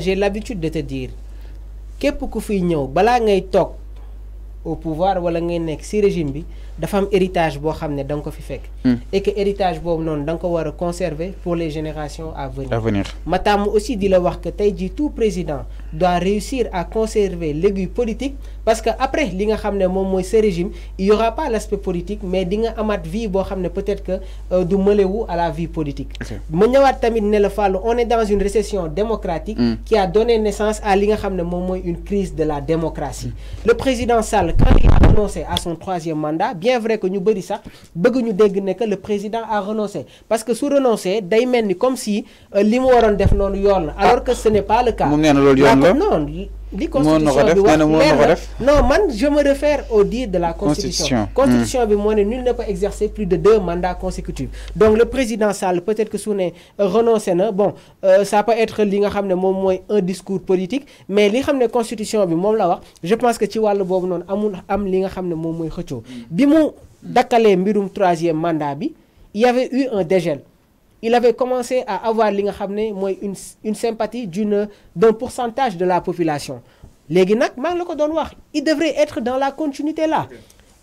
j'ai l'habitude de te dire que pour que ñëw balaa ngay au pouvoir ou ngay nekk ce régime bi dafa am héritage qui est ne ko hmm. et que héritage boobu non donc conservé conserver pour les générations à venir. je aussi dit wax que du tout président doit réussir à conserver l'aiguille politique parce qu'après ce régime il y aura pas l'aspect politique mais di nga aura peut être que euh, à la vie politique on est dans une récession démocratique mm. qui a donné naissance à une crise de la démocratie le président Sall quand il a renoncé à son troisième mandat bien vrai que nous avons dit bëgg que le président a renoncé parce que sous renoncer day comme si euh, li gens alors que ce n'est pas le cas non constitution non je me réfère au dit de la constitution constitution hmm. bi moo nul ne peut exercer plus de deux mandats consécutifs donc le président Sall peut-être que son renoncer. renoncé na bon euh, ça peut être li nga un discours politique mais li nga constitution bi là la je pense que tu vois le bon amul am li nga xam retour bimou mooy xëccoo bi troisième mandat bi il y avait eu un dégel il avait commencé à avoir une sympathie d'une d'un pourcentage de la population Les il devrait être dans la continuité là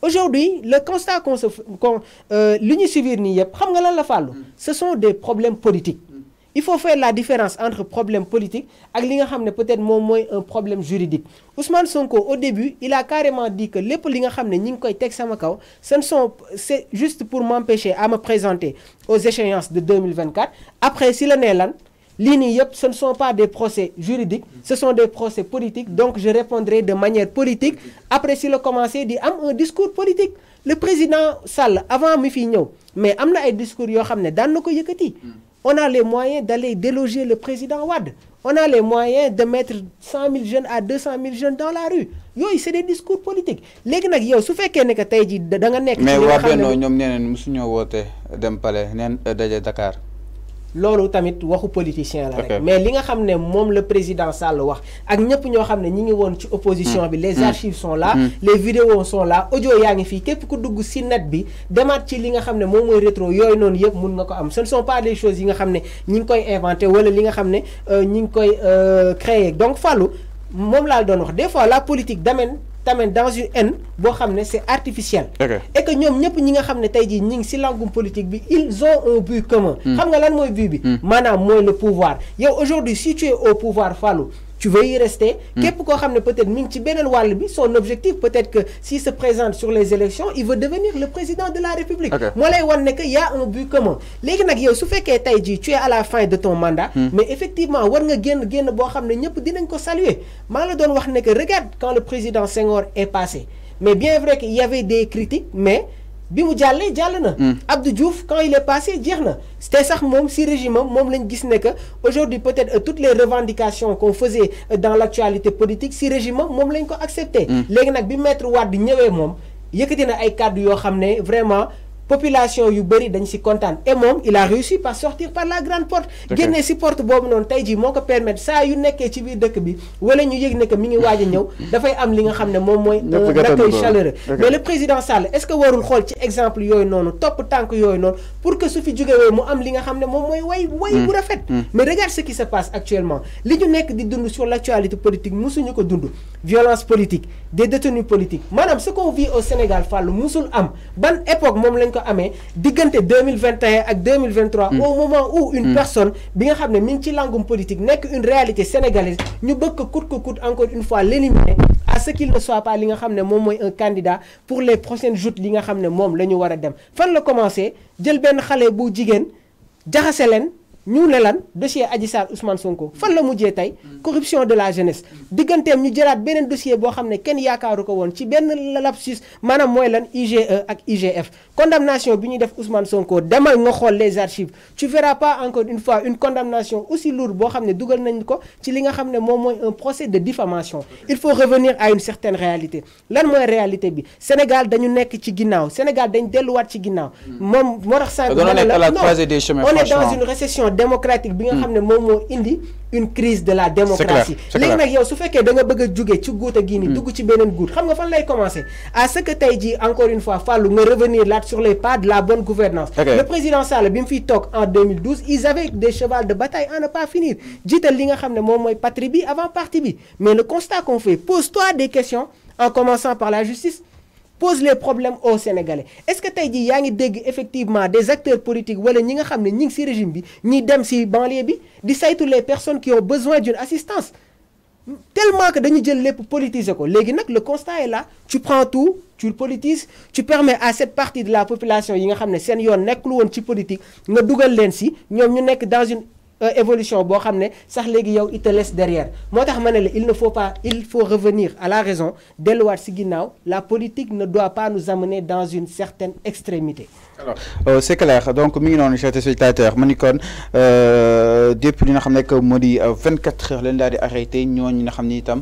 aujourd'hui le constat qu'on se qu'on euh, mm. ce sont des problèmes politiques il faut faire la différence entre problème politique et peut-être un problème juridique Ousmane Sonko au début il a carrément dit que les li ne c'est juste pour m'empêcher à me présenter aux échéances de 2024 après si le ce ne sont pas des procès juridiques ce sont des procès politiques donc je répondrai de manière politique après si le commencé dit am un discours politique le président Sall avant mi il y mais am ay discours on a les moyens d'aller déloger le président Ouad. On a les moyens de mettre 100 000 jeunes à 200 000 jeunes dans la rue. Yo, c'est des discours politiques léegi nag yo, su fekkee ne que tey da nga mais Benno Palais Dakar lolu tamit waxu politicien la rek mais li nga xamné mom le président Sall wax ak ñepp ño xamné ñi ngi won ci opposition mm. bi les mm. archives sont là mm. les vidéos sont là audio ya ngi fi képp ku dugg ci net bi demat ci li nga xamné ne rétro yoy non yep mën nga ko am ce ne sont pas des choses yi nga xamné ñi ngi koy inventé wala li nga xamné euh, ñi ngi koy euh, créer donc fallu mom la doon wax des fois la politique d'amène dans une haine c'est artificiel et que nous ñep ñi nga xamné politique bi ils ont un but commun hmm. xam nga lan nous, nous, bi hmm. le pouvoir yow aujourd'hui situé au pouvoir Fallou tu veux y rester. Hmm. képp peut-être son objectif peut-être que s'il se présente sur les élections il veut devenir le président de la république. Moi, je wan ne y a un but commun. Les nag yow su tu es à la fin de ton mandat. Hmm. mais effectivement war nga saluer Malheureusement que regarde quand le président Senghor est passé mais bien vrai qu'il y avait des critiques mais bi jallé hmm. Abdou Diouf quand il est passé c'était sax si régime mom lañu que aujourd'hui peut-être euh, toutes les revendications qu'on faisait euh, dans l'actualité politique si régime mom lañ ko accepté. Hmm. légui nak bi maître wad ñëwé na ay cadre yo vraiment population yu bari dañ ci contane et mom il a réussi pas sortir par la grande porte génnee ci porte bobu non tay ji moko permettre ça yu nekkee ci biir dëkk bi wala ñu yegg ne que mi ngi waaj ñew da fay am li nga xamné mom moy chaleureux mais le président Sall est-ce que warul xol ci exemple yoy noonu top tank yoy non pour que su fi wé mu am li nga xamné mom moy way way bu hmm. rafet hmm. mais regarde ce qui se passe actuellement li ñu nekk di dund sur l'actualité politique mosuñu ko dund violence politique des détenus politiques madame ce qu'on vit au Sénégal le musul am ban époque mom lañ ko amee 2021 et 2023 hmm. au moment où une hmm. personne bien nga xam langue politique n'est qu'une réalité sénégalaise nous devons que encore une fois l'éliminer à ce qu'il ne soit pas li nga un candidat pour les prochaines joutes li nga xamné mom lañu wara fan la commencé bu ñu ne lan dossier Adji Sarr Ousmane Sonko fan la mujjé tay corruption de la jeunesse digganteem ñu jëlaat beneen dossier bo xamné ne kenn yaakaaru ko won ci benn lapsus manam moy lan IGE ak IGF condamnation bi ñu def Ousmane Sonko demal nga xol les archives tu verras pas encore une fois une condamnation aussi lourde bo xamné ne dugal nañ ko ci li nga xamné mom moy un procès de diffamation il faut revenir à une certaine réalité lan moy réalité bi Sénégal dañu nekk ci ginnaw Sénégal dañ delluwaat ci ginnaw hmm. mom tax on est dans une récession démocratique bi hmm. indi une crise de la démocratie à ce que as dit encore une fois fallu me revenir là sur les pas de la bonne gouvernance le président Sall bi en 2012 ils avaient des chevals de bataille à ne pas finir li nga avant parti mais le constat qu'on fait pose-toi des questions en commençant par la justice pose les problèmes aux Sénégalais est-ce que tey dit yaa ngi dégg effectivement des acteurs politiques wala ñi nga xam ñi ci régime bi ñi dem ci banlieue bi di saytu les personnes qui ont besoin d'une assistance tellement que dañu jël lépp politiser ko léegi le constat est là tu prends tout tu le politises tu permets à cette partie de la population yi nga xam ne seen yoon nekkul politique nga dugal leen ci ñu dans une euh, évolution bo xamné sax légui yow il te laisse derrière motax tax il ne faut pas il faut revenir à la raison delluwaat ci ginnaw la politique ne doit pas nous amener dans une certaine extrémité. alors euh, c'est clair donc mi ngi noonu chers téléspectateurs ma ni kon euh, depuis li nga xamné que modi 24 heures len daal di arrêté ñooñu nga xam itam.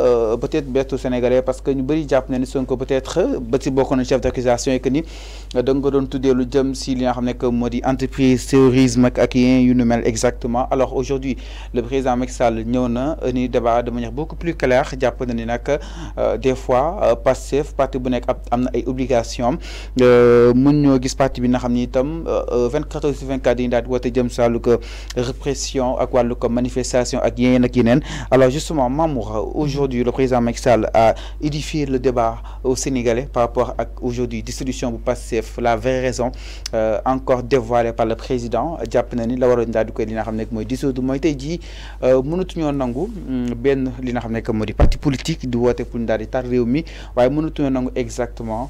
Euh, peut-être au sénégalais parce que nous, bari japp na ni Sonko peut-être ba ci bokkoon na chef d'accusation et que ni euh, da nga ko tudé lu jëm ci li nga xamné que modi entreprise terrorisme ak yu ñu mel exactement alors aujourd'hui le président Macky Sall ñëw na euh, ni débat de manière beaucoup plus claire japp na ni nak des fois passif, parti bu nek amna ay obligations mun ñoo gis parti bi nga xamni tam 24 sur 24 yi daal jëm salu que répression ak walu que manifestation ak yeen ak yeneen alors justement Mamour aujourd'hui le président Macky a édifié le débat au Sénégalais par rapport à aujourd'hui dissolution du la vraie raison euh, encore dévoilée par le président japon la parti politique du exactement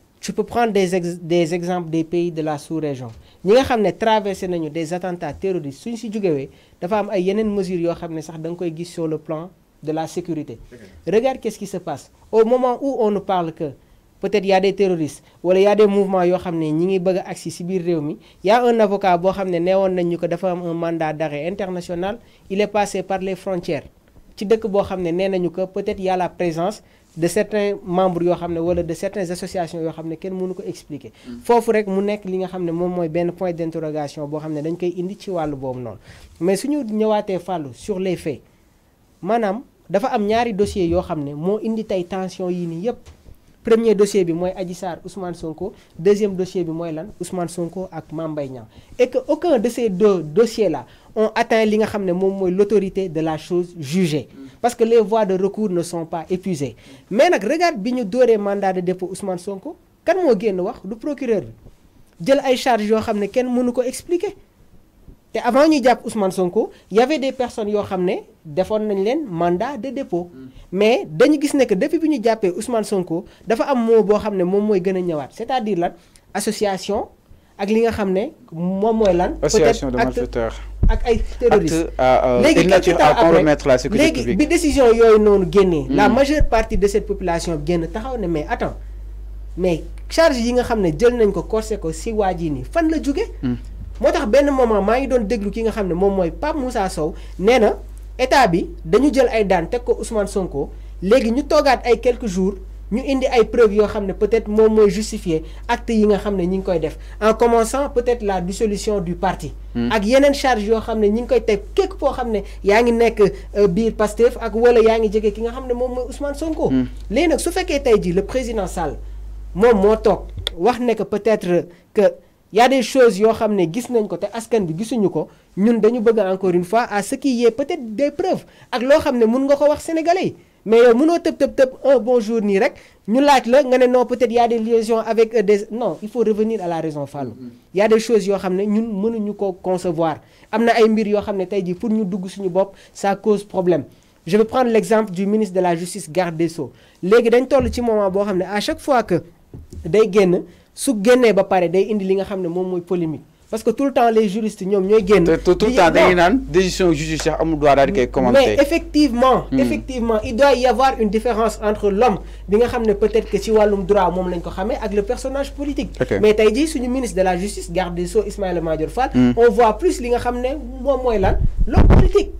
tu peux prendre des, exemples des pays de la sous-région Nous avons traversé des attentats terroristes si jógewee dafa am ay mesures sax sur le plan de la sécurité regarde qu'est-ce qui se passe au moment où on nous parle que peut-être il y a des terroristes il y a des mouvements qui xamné ñi ngi bëgg y a un avocat qui a néwon un mandat d'arrêt international il est passé par les frontières ci dëkk bo xamné nénañu que peut-être y a la présence de certains membres yoo xam ne wala de certaines associations yoo xam ne kenn mënu ko expliquer. Mm. foofu rek mu nekk li nga xam ne moom mooy benn point d'interrogation boo xam ne dañ koy indi ci wàllu boobu noonu. mais suñu ñëwaatee fàllu sur les faits maanaam dafa am ñaari dossiers yoo xam ne moo indi tey tension yi nii yëpp. premier dossier bi moy Ousmane Sonko deuxième dossier bi Ousmane Sonko ak Mambayan. et que aucun de ces deux dossiers là ont atteint l'autorité de la chose jugée parce que les voies de recours ne sont pas épuisées mais regardez regarde biñu ñu le mandat de dépôt Ousmane Sonko kan mo le wax du procureur bi jël ay charges yo expliquer te avant ñu japp Ousmane Sonko y avait des personnes yo xamné ne nañ leen mandat de dépôt mm. mais dañu gis ne que depuis bi ñu jàppee Ousmane Sonko dafa am moo bo xamné mom moy gëna ñëwaat c'est-à-dire lan association ak li nga xamné mom moy lan. association de malfaiteurs ak ay terroristes euh, léegi quelque temps après léegi bi décision yoy nonu génnee. la mm. majeure partie de cette population génn taxaw né mais attends mais charge yi nga xamné jël nañ ko corsé ko si waa ni. fan la jóge mm moo tax benn moment maa ngi doon déglu ki nga xam ne moom mooy Pape Moussa Sow nee na état bi dañu jël ay daan teg ko Ousmane Sonko léegi ñu toogaat ay quelques jours ñu indi ay preuves yoo xam ne peut-être moom mooy justifier acte yi nga xam ne ñi ngi koy def en commençant peut-être la dissolution du parti. Hmm. ak yeneen charge yoo xam ne ñi ngi koy teg képp koo xam ne yaa ngi nekk euh, biir Pastef ak wala yaa ngi jege ki nga xam ne moom mooy Ousmane Sonko. Hmm. léegi nag su fekkee tey jii le président Sall moom moo toog wax ne que peut-être que y a des choses yo xamné ne gis nañ ko té askan bi ko ñun dañu bëgg encore une fois à ce qu'il y ait peut-être des preuves ak lo xamné ne nga ko wax sénégalais mais yow mëno tepp tepp tepp un bonjour nous rek ñu laaj la nga non peut-être y a des liaisons avec euh, des non il faut revenir à la raison Il mm-hmm. y a des choses yo xamné ne ñun mënuñu ko concevoir amna ay mbir yo xamné ne ji jii pour dugg suñu ça cause problème je vais prendre l'exemple du ministre de la justice garde des sceaux dañ toll ci moment bo xamné à chaque fois que day génn su génnee ba pare day indi li nga xam ne moom mooy polémique parce que tout le temps les juristes ñoom ñooy génn. te tout le temps dañuy naan décision judiciaire amul droit daal di koy commenter. mais effectivement. Hmm. effectivement il doit y avoir une différence entre l'homme bi nga xam ne peut-être que ci wàllum droit moom lañ ko xamee ak le personnage politique. mais tey jii suñu ministre de la justice garde des Sceaux Ismaïla Madior Fall. Hmm. on voit plus li nga xam ne moom mooy lan l'homme politique.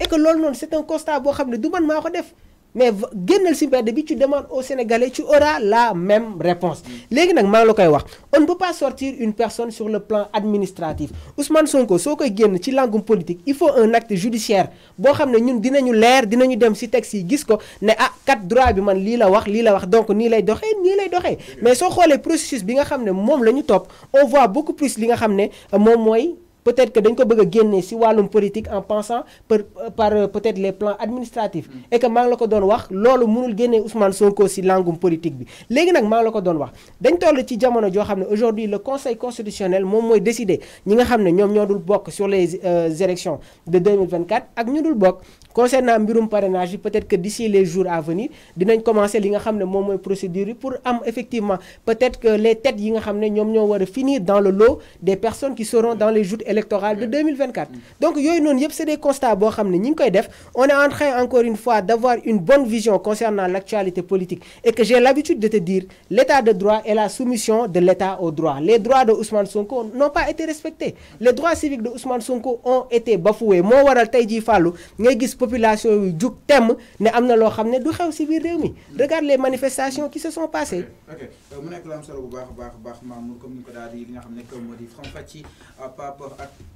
et que loolu noonu c'est un constat boo xam ne du man maa ko def mais génnal si mbedd tu demandes au Sénégalais tu auras la même réponse légui nak maa la wax on ne peut pas sortir une personne sur le plan administratif Ousmane Sonko so koy genn ci langue politique il faut un acte judiciaire bo xamné ñun dinañu lèr dinañu dem ci texte yi gis ko ne ah quatre droit bi man li la wax li la wax donc ni lay doxé ni lay doxé mais so xolé processus bi nga xamné mom lañu top top. on voit beaucoup plus li nga xamné euh, mom moy peut-être que dañ ko bëgg a génne si wàllum politique en pensant par par euh, peut-être les plans administratifs mm. et que maa ngi la ko doon wax loolu mënul génne Ousmane Sonko si langum politique bi léegi nag maa ngi la ko doon wax dañ toll ci jamono joo xam aujourd'hui le conseil constitutionnel moom mooy décider ñi nga xam ne ñoom ñoo dul bokk sur les euh, élections de 2024 ak ñu dul bokk concernant mbirum parrainage yi peut-être que d'ici les jours à venir dinañ commencer li nga xam ne moom procédure yi pour am effectivement peut-être que les têtes yi nga xam ne ñoom ñoo war finir dans le lot des personnes qui seront dans les joutes électorale de 2024. Mm. donc yoy non des constats bo xamné on est en train encore une fois d'avoir une bonne vision concernant l'actualité politique et que j'ai l'habitude de te dire l'état de droit et la soumission de l'état au droit les droits de Ousmane Sonko n'ont pas été respectés les droits civiques de Ousmane Sonko ont été bafoués Mo waral population ne mm. regarde les manifestations qui se sont passées. Euh,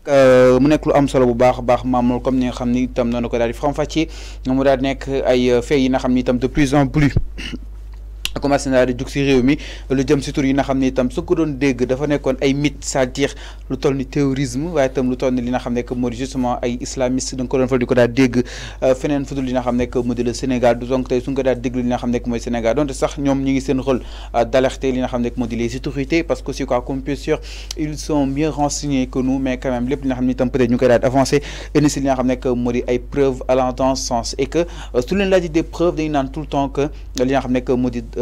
euh, Mon école lu comme de plus en plus. Comme naa di jug si mi lu jëm si tur yi nga xam ne itam su ko doon dégg dafa nekkoon ay c'est-à-dire lu toll terrorisme waaye itam lu toll ni li nga xam que moo justement ay islamiste da nga ko doon fal di ko daal dégg euh, fudul li nga que le Sénégal du donc tey su nga ko daal déglu li nga xam ne que mooy Sénégal Donc sax ñoom ñi ngi seen rôle euh, d'alerter li nga xam ne que les autorités parce que aussi quoi qu'on puisse sûr ils sont mieux renseignés que nous mais quand même les li nga xam ne peut être ñu koy daal avancé indi si li nga xam ne que moo ay preuves à dans sens et que euh, su leen laaj des preuves il n'a tout le temps que li nga xam que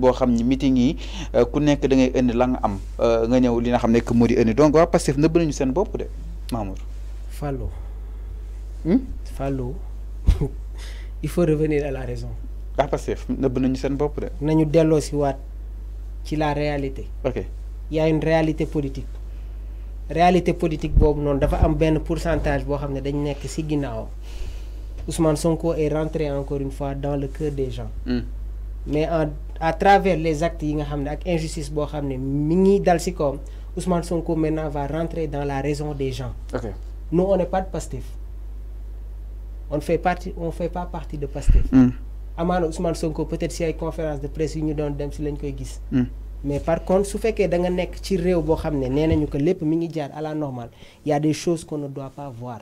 parti boo ni meeting yi euh, ku nekk da ngay indi la nga am euh, nga ñëw li nga xam nekk moo di donc waa Pastef nëbb nañu seen bopp de Mamour. Fallo. Hmm? Fallo il faut revenir à la raison. waa Pastef nëbb nañu seen bopp de. nañu delloo si waat ci la réalité. ok y a une réalité politique réalité politique boobu non dafa am benn pourcentage boo xam ne dañ nekk si ginnaawam Ousmane Sonko est rentré encore une fois dans le cœur des gens. Hmm mais à travers les actes yi nga xam ak injustice bo xam ne mi ngi Ousmane Sonko maintenant va rentrer dans la raison des gens. ok nous on n'est pas de pastif on fait partie on fait pas partie de Pastef. Hmm. amaana Ousmane Sonko peut-être si une conférence de presse une ñu doon dem si lañ koy gis. Hmm. mais par contre su fait da nga nekk ci réew boo xam ne nee que lépp mi ngi jaar à la normale y a des choses qu'on ne doit pas voir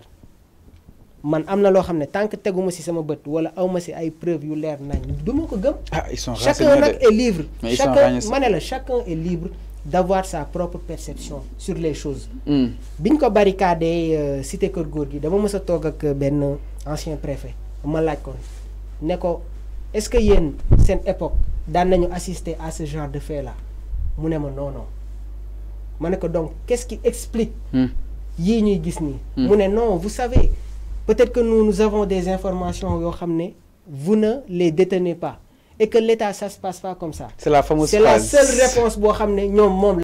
man am na loo xam ne tant que teguma ci sama bët wala awma ci ay preuves yu leer nañ du ma ko gëm ah, chacun nag est libre chacun ma la chacun est libre d'avoir sa propre perception sur les choses hmm. biñ ko barricadé euh, cité kër góor gi dama mës a toog ak benn ancien préfet ma laaj ko ne ko est-ce que yéen seen époque daan nañu assister à ce genre de fait là mu ne ma non non ma ne ko donc qu'est-ce qui explique hmm. yii ñuy gis nii hmm. mu ne non vous savez peut-être que nous, nous avons des informations, vous ne les détenez pas. Et que l'État, ça ne se passe pas comme ça. C'est la fameuse C'est la seule réponse,